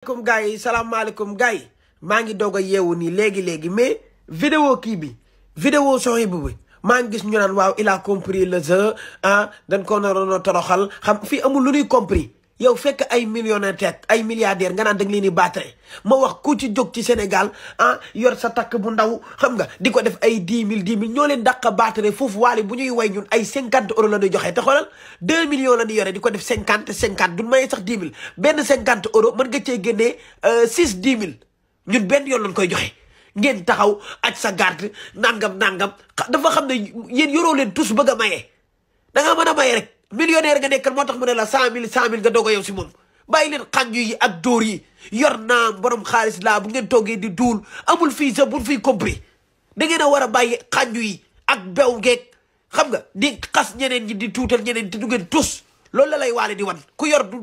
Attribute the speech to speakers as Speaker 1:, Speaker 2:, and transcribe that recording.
Speaker 1: salaamaaleykum gars yi salaamaaleykum gars yi maa ngi doog a yeewu nii léegi léegi mais vidéo kii bi vidéo yi bi maa ngi gis ñu naan waaw il a compris le jeu ah dañ ko naroon toroxal xam fii amul lu ñuy compris yow fekk ay millionnaire ay milliardaire nga naan da nga leen di battre ma wax ku ci jóg ci Sénégal ah yor sa takk bu ndaw xam nga di ko def ay dix mille dix mille ñoo leen dàq a battre foofu waale bu ñuy way ñun ay cinquante euros la ñuy joxe te xoolal deux millions la ñuy yore di ko def cinquante cinquante duñ mayee sax dix mille benn cinquante euros man nga cee génnee euh, six dix mille ñun benn yoon lañ koy joxe ngeen taxaw aj sa garde nangam nangam dafa xam ne yéen yoroo leen tous bëgg a maye da nga a maye rek. millionnaire ga nekkal moo tax mu ne la cent mille cent mille nga doog a yow si moom bàyyi leen xànju ak dóor yi yor naa borom xaalis laa bu ngeen toogee di duul amul fii sa buñ fiy compris da ngeen a war a bàyyi xànju yi ak bew geeg xam nga di xas ñeneen yi di tuutal ñeneen te
Speaker 2: du ngeen tus loolu la lay waale di wan ku yor du